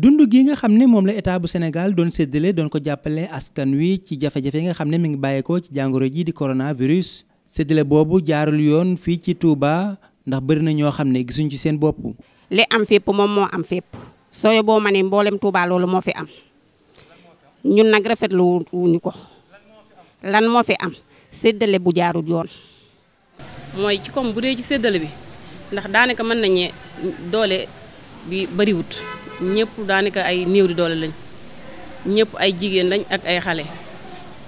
dund gi nga xam ne moom la état bu senegal doon séddale doon ko jàppale askan wi ci jafe-jafe yi nga xam ne mu ngi bàyyeekoo ci jàngoro ji di korona virus séddale boobu jaarul yoon fii ci Touba ndax bari na ñoo xam ne gisuñ ci seen bopp. li am fépp moom moo am fépp sooyo boo ma ne mboolem Touba loolu moo fi am ñun nag rafetlu wuñu ko lan moo fi am séddale bu jaarul yoon. mooy ci comme bu dee ci séddale bi ndax daanaka mën nañu doole bi ñëpp daanaka ay néew di doole lañ ñëpp ay jigéen lañ ak ay xale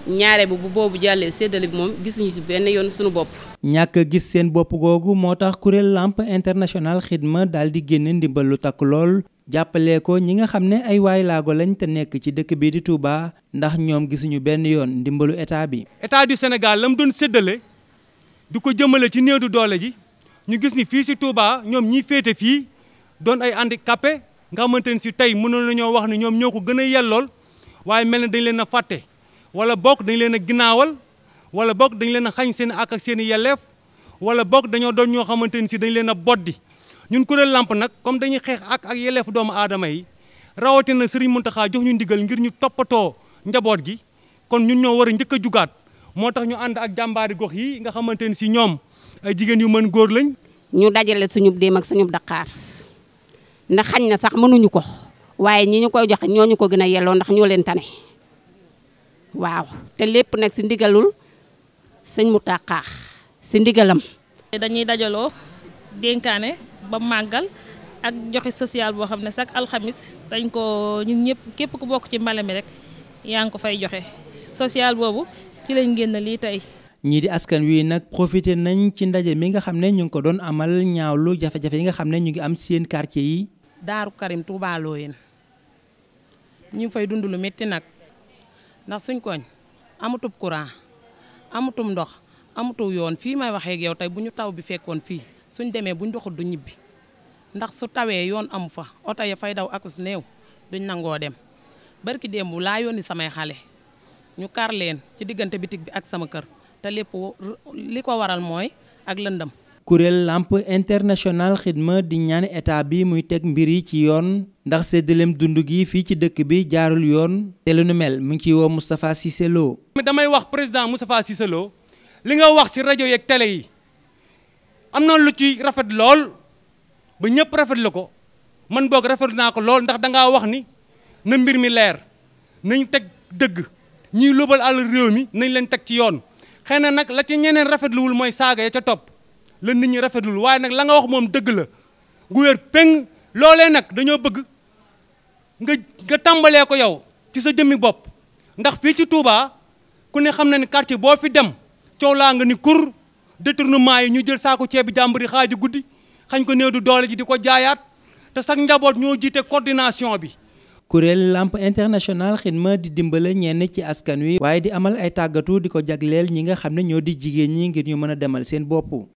ñaare bi bu boobu jàllee séddale bi moom gisuñu si benn yoon sunu bopp. ñàkk gis seen bopp googu moo tax kuréel làmp International Xidma dal di génne ndimbal lu takk lool jàppale ko ñi nga xam ne ay waay laago lañ te nekk ci dëkk bii di Touba ndax ñoom gisuñu benn yoon ndimbalu état bi. état du senegal lam doon séddale di ko jëmale ci néew du doole ji ñu gis ni fii si Touba ñoom ñiy féete fii doon ay handicapé nga xamante ne si tey mënoon ñoo wax ne ñoom ñoo ko gën a yellool waaye mel na dañ leen a fàtte wala bokk dañ leen a ginnaawal wala bokk dañ leen a xañ seen ak ak seen i yelleef wala bokk dañoo doon ñoo xamante ne si dañ leen a boddi ñun kuréel làmp nag comme dañuy xeex ak ak yelleefu doomu aadama yi rawatina Serigne Mountakha jox ñu ndigal ngir ñu toppatoo njaboot gi kon ñun ñoo war a njëkk a jugaat moo tax ñu ànd ak jàmbaari gox yi nga xamante ne si ñoom jigéen yu mën góor lañ. ñu dajale suñu déem ak suñu daqaar. ndax xañ na sax mënuñu ko waaye ñi ñu koy joxe ñooñu ko gën a yelloo ndax ñoo leen tane waaw te lépp nag si ndigalul sëñ mu tàqaax si ndigalam. dañuy dajaloo dénkaane ba màggal ak joxe sociale boo xam ne sax alxamis dañ ko ñun ñëpp képp ku bokk ci mbale mi rek yaa ngi ko fay joxe social boobu ci lañ génn lii tey. ñii di askan wi nag profité nañ ci ndaje mi nga xam ne ñu ngi ko doon amal ñaawlu jafe-jafe yi nga xam ne ñu ngi am seen quartier yi. daaru Karim Touba Loyenne ñu fay dund lu métti nag ndax suñ koñ amutub courant amutum ndox amutu yoon fii may waxee ak yow tey bu ñu taw bi fekkoon fii suñ demee buñ doxul du ñibbi ndax su tawee yoon amu fa oto ya fay daw akus néew duñ nangoo dem barki démb laa yónni samay xale ñu kar leen ci diggante bitig bi ak sama kër te lépp li ko waral mooy ak lëndëm kuréel lamp international xidma di ñaan état bi muy teg mbir yi ci yoon ndax séddaleem dund gi fii ci dëkk bi jaarul yoon te nu mel mu ngi ciy woo Moustapha Cissé Lo damay wax président Moustapha Cissé li nga wax ci rajo yeeg télé yi am na lu ci rafet lool ba ñëpp rafet la ko man boog rafetlu naa ko lool ndax danga wax ni na mbir mi leer nañ teg dëgg ñuy lóbal àll réew mi nañ leen teg ci yoon xëy nag la ci ñeneen rafetluwul mooy saaga ya ca topp la nit ñi rafetul waaye nag la nga wax moom dëgg la gu wér loolee nag dañoo bëgg nga nga tàmbalee ko yow ci sa jëmmi bopp ndax fii ci tuuba ku ne xam na ne quartier boo fi dem coow laa nga ni kur détournement yi ñu jël saako ceeb bi jàmbur yi xaaju guddi xañ ko néew du doole ji di ko jaayaat te sax njaboot ñoo jiite coordination bi. kuréel lamp international xidma di dimbale ñenn ci askan wi waaye di amal ay tàggatu di ko jagleel ñi nga xam ne ñoo di jigéen ñi ngir ñu mën a demal seen bopp.